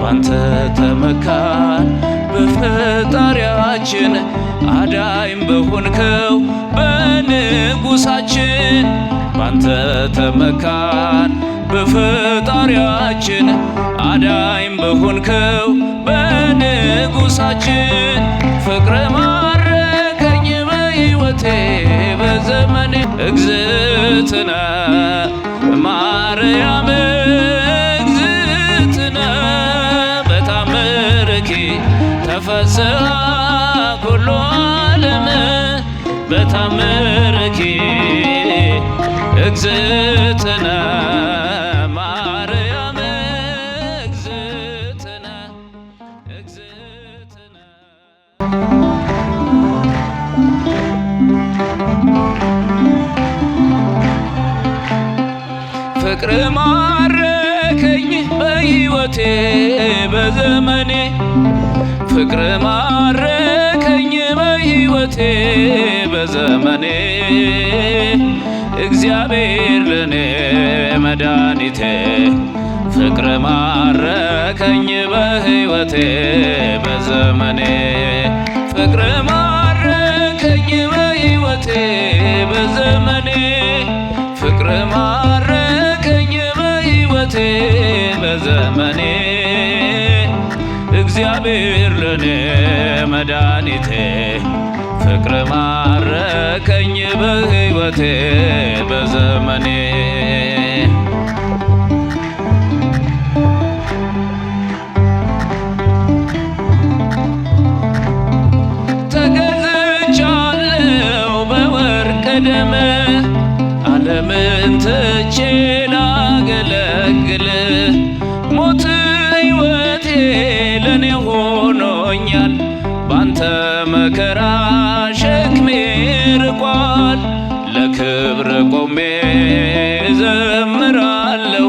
ባንተ ተመካን በፈጣሪያችን አዳይም በሆንከው በንጉሳችን ባንተ ተመካን በፈጣሪያችን አዳይም በሆንከው በንጉሳችን ፍቅረ ማረከኝ በሕይወቴ በዘመኔ እግዝእትነ ማርያምን ተፈስሐ ኩሉ ዓለም በታምርኪ እግዝእትነ ማርያም እግዝእትነ እግዝእትነ ፍቅር ማረከኝ በሕይወቴ በዘመኔ ፍቅር ማረከኝ በሕይወቴ በዘመኔ እግዚአብሔር ለኔ መድኃኒቴ ፍቅር ማረከኝ በሕይወቴ በዘመኔ ፍቅር ማረከኝ በሕይወቴ በዘመኔ ፍቅር ማረከኝ በሕይወቴ በዘመኔ እግዚአብሔር ለኔ መድኃኒቴ ፍቅር ማረከኝ በሕይወቴ በዘመኔ ክብር ቆሜ ዘምራለሁ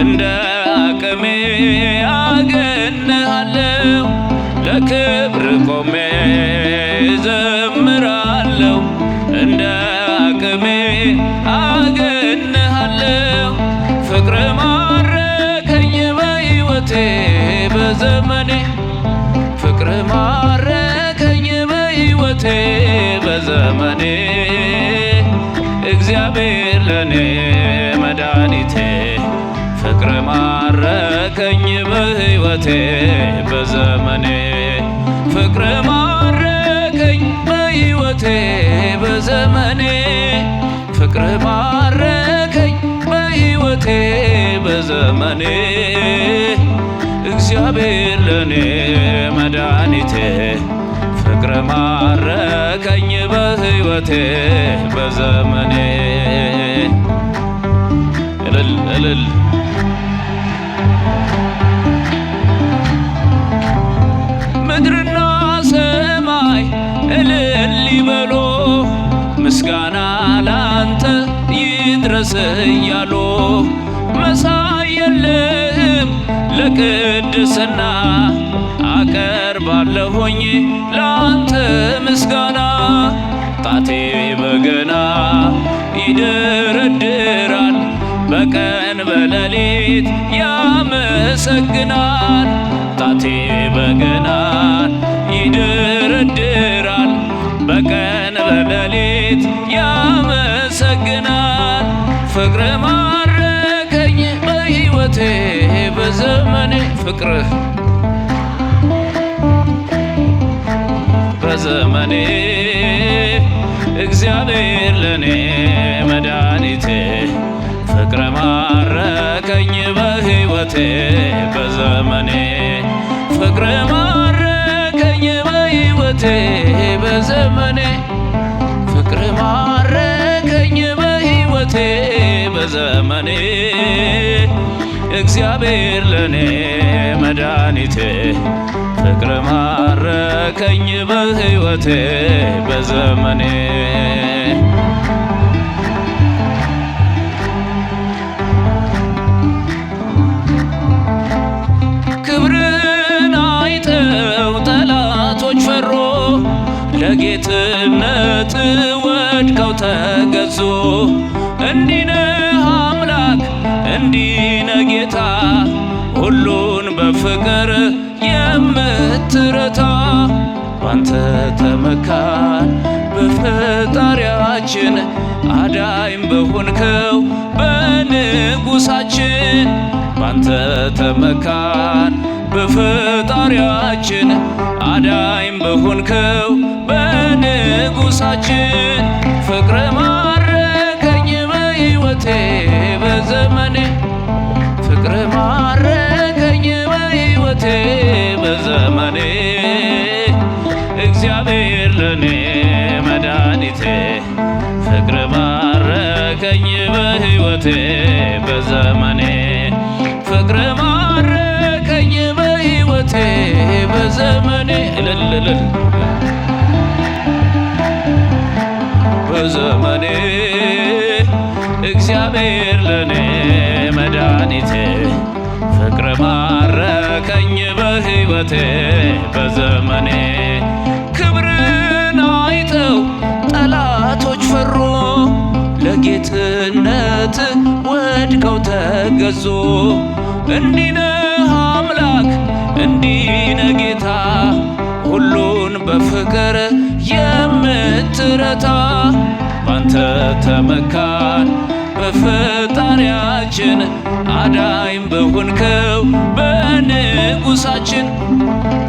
እንደ አቅሜ አገንሃለሁ ለክብር ቆሜ ዘምራለሁ እንደ አቅሜ አገንሃለሁ ፍቅር ማረከኝ በሕይወቴ በዘመኔ ፍቅር ማረከኝ በሕይወቴ በዘመኔ እግዚአብሔር ለኔ መድኃኒቴ ፍቅር ማረከኝ በሕይወቴ በዘመኔ ፍቅር ማረከኝ በሕይወቴ በዘመኔ ፍቅር ማረከኝ በሕይወቴ በዘመኔ እግዚአብሔር ለኔ መድኃኒቴ ፍቅር ማረከኝ በህይወቴ በዘመኔ እልል እልል ምድርና ሰማይ እልል ይበሉ ምስጋና ላንተ ይድረስ እያሉ ለቅድስና አቀ ባለሆኝ ላንተ ምስጋና ጣቴ በገና ይደረድራል በቀን በሌሊት ያመሰግናል ጣቴ በገና ይደረድራል በቀን በሌሊት ያመሰግናል ፍቅር ማረከኝ በሕይወቴ በዘመኔ ፍቅርህ ኪዳኔ እግዚአብሔር ለኔ መድኃኒቴ ፍቅረ ማረከኝ በሕይወቴ በዘመኔ ፍቅረ ማረከኝ በሕይወቴ በዘመኔ ፍቅረ ማረከኝ በሕይወቴ በዘመኔ እግዚአብሔር ለኔ መድኃኒቴ ፍቅር ማረከኝ በሕይወቴ በዘመኔ ክብርን አይተው ጠላቶች ፈሮ ለጌትነት ወድቀው ተገዙ እንዲህ ነህ አምላክ እንዲህ ጌታ ሁሉን በፍቅር የምትረታ ባንተ ተመካን በፈጣሪያችን አዳይም በሆንከው በንጉሳችን ባንተ ተመካን በፈጣሪያችን አዳይም በሆንከው በንጉሳችን በሕይወቴ በዘመኔ ፍቅር ማረከኝ በሕይወቴ በዘመኔ እልልልል በዘመኔ እግዚአብሔር ለኔ መድኃኒቴ ፍቅር ማረከኝ በሕይወቴ በዘመኔ ጌትነት ወድቀው ተገዙ። እንዲነ አምላክ እንዲነ ጌታ ሁሉን በፍቅር የምትረታ ባንተ ተመካን በፍቅር ፈጣሪያችን አዳይም በሆንከው በንጉሳችን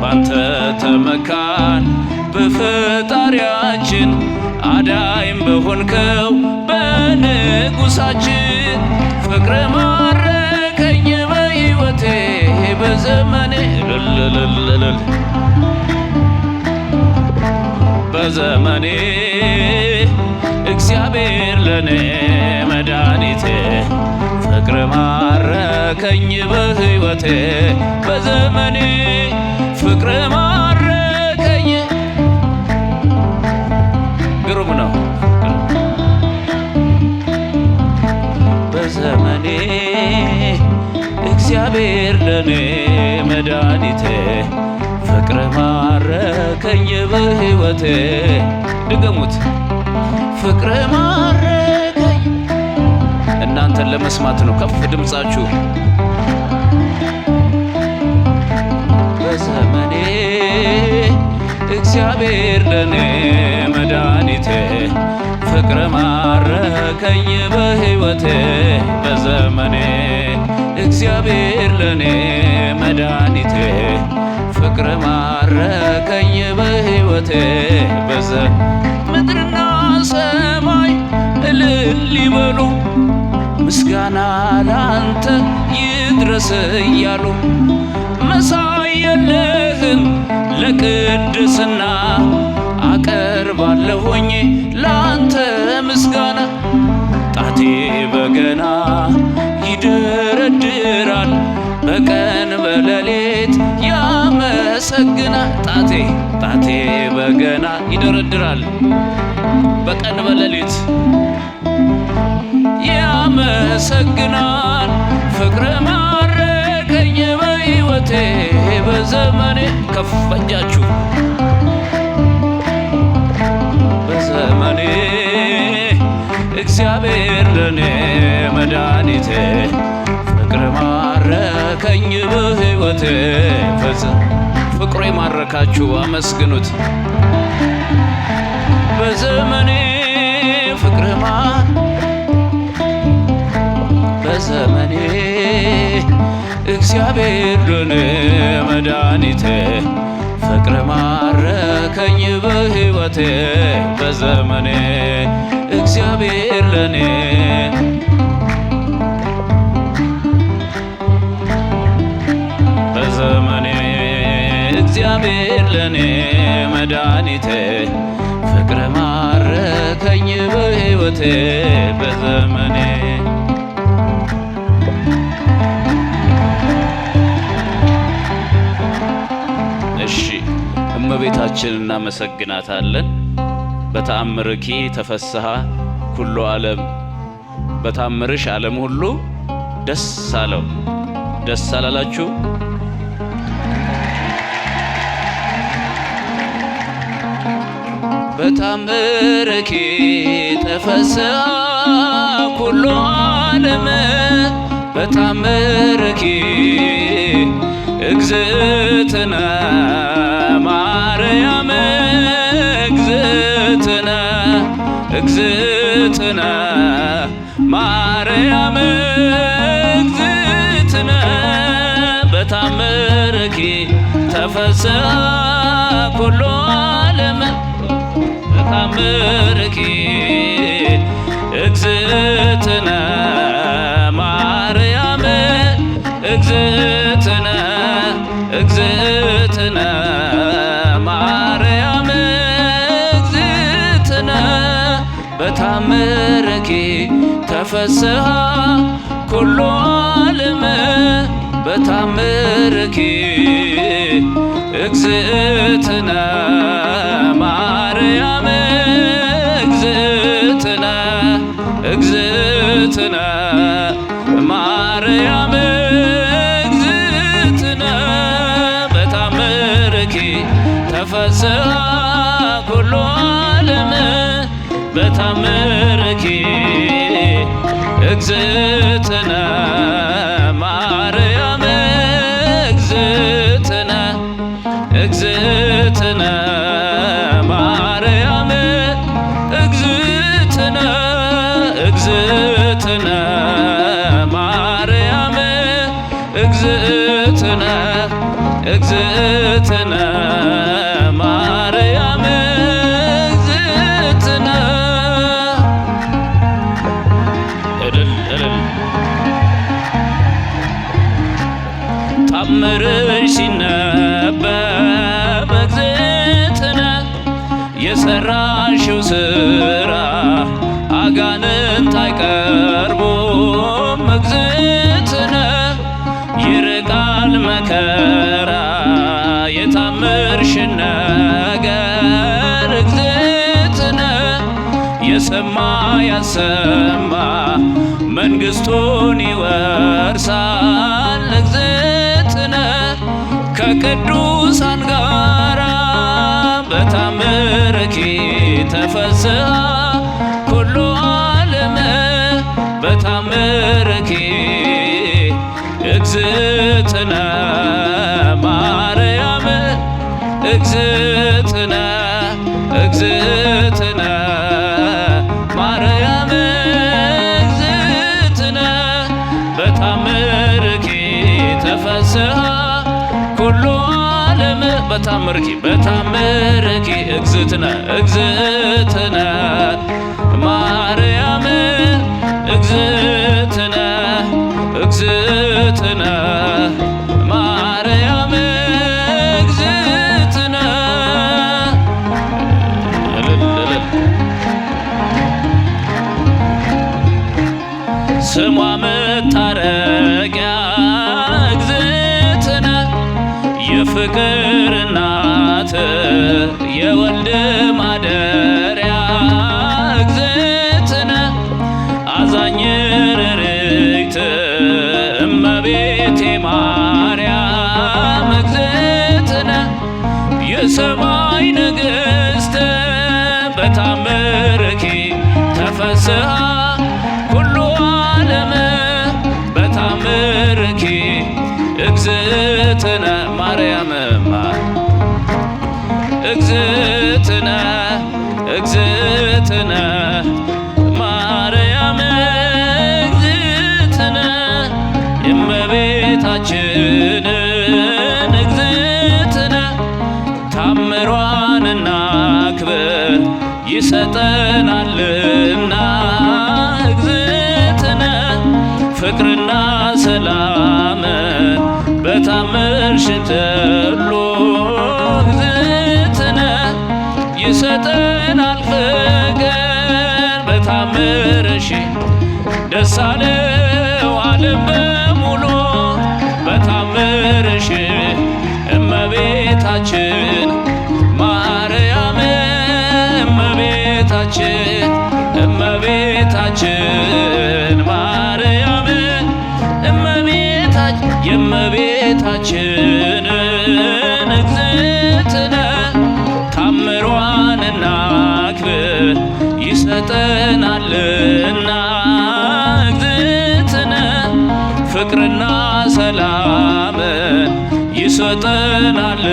ባንተ ተመካን በፈጣሪያችን አዳይም በሆንከው በንጉሳችን ፍቅረ ማረከኝ በሕይወቴ በዘመኔ በዘመኔ እግዚአብሔር ለኔ መድኃኒቴ ፍቅር ማረከኝ በሕይወቴ በዘመኔ ፍቅር ማረከኝ ግሩም ነው በዘመኔ እግዚአብሔር ለኔ መድኃኒቴ ፍቅር ማረከኝ በሕይወቴ ድገሙት ፍቅር ማረከኝ። እናንተን ለመስማት ነው ከፍ ድምፃችሁ። በዘመኔ እግዚአብሔር ለኔ መድኃኒቴ ፍቅር ማረከኝ በሕይወቴ በዘመኔ እግዚአብሔር ለኔ መድኃኒቴ ፍቅር ማረከኝ በሕይወቴ በዘ ይበሉ ምስጋና ላንተ ይድረስ እያሉ መሳይ የለህም ለቅድስና አቀርባለሁኝ ላንተ ምስጋና ጣቴ በገና ይደረድራል በቀን በሌሊት ያመሰግና ጣቴ ጣቴ በገና ይደረድራል በቀን በሌሊት ያመሰግናል ፍቅር ማረከኝ በሕይወቴ በዘመኔ ከፈጃችሁ በዘመኔ እግዚአብሔር ለኔ መድኃኒቴ ፍቅር ማረከኝ በሕይወቴ ፍቅሩ የማረካችሁ አመስግኑት በዘመኔ ፍቅር እግዚአብሔር ግን መድኃኒቴ ፍቅር ማረከኝ በሕይወቴ በዘመኔ እግዚአብሔር ለኔ በዘመኔ እግዚአብሔር ለኔ መድኃኒቴ ፍቅር ማረከኝ በሕይወቴ በዘመኔ እመቤታችን እናመሰግናታለን። በተአምርኪ ተፈስሐ ኩሉ ዓለም በታምርሽ ዓለም ሁሉ ደስ አለው። ደስ አላላችሁ? በታምርኪ ተፈስሐ ኩሉ ዓለም በታምርኪ እግዝእትነ ማርያም እግዝእትነ እግዝእትነ ማርያም እግዝእትነ በታምርኪ ኩሉ ዓለም በታምርኪ እግዝእትነ ማርያም እግዝእትነ እግዝእትነ ማርያም እግዝእትነ በታምርኪ ተፈስሃ ኩሉ ዓለም በታምርኪ እግዝእትነ ማርያም በሰራሽው ስራ አጋንንት አይቀርቡም። እግዝእትነ ይርቃል መከራ የታምርሽ ነገር እግዝእትነ የሰማ ያሰማ መንግስቱን ይወርሳል እግዝእትነ ከቅዱሳን ጋር በኪ ተፈስሃ ኩሉ ዓለም በታምርኪ እግዝእትነ ማርያም እግዝእትነ እግዝእትነ ማርያም እግዝእትነ ኩሉ ዓለም በታምርኪ እግዝእትነ እግዝእትነ እትነ ማርያም እግዝእትነ የእመቤታችንን እግዝእትነ ታምሯንና ክብር ይሰጠናል ይሰጠናልና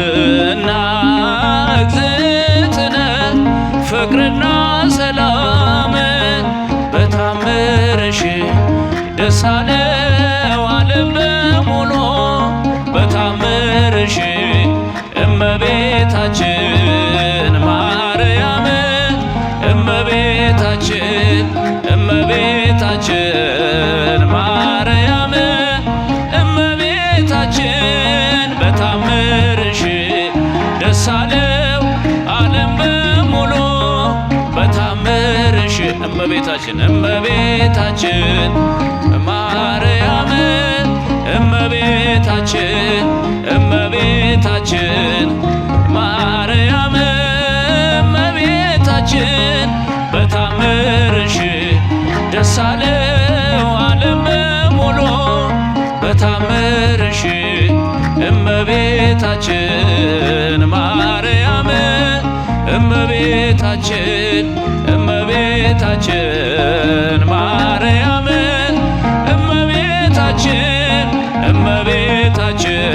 እመቤታችን ማርያም እመቤታችን እመቤታችን ማርያም እመቤታችን በታምርሽ ደስ አለው ዓለም ሙሉ በታምርሽ እመቤታችን ማርያም እመቤታችን እመቤታችን ማርያምን እመቤታችን እመቤታችን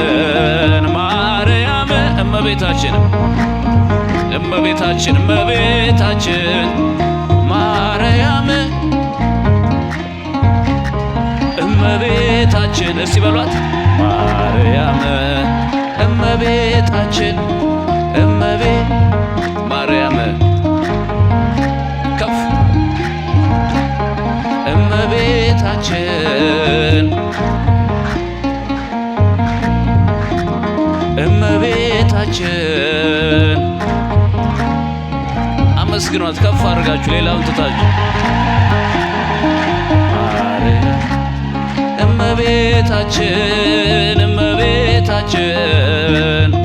ማርያም እመቤታችን እመቤታችን እመቤታችን ማርያም እመቤታችን እስቲ በሏት ማርያም እመቤታችን ቤታችን እመቤታችን አመስግኗት ከፍ አድርጋችሁ ሌላውን ትታችሁ እመቤታችን እመቤታችን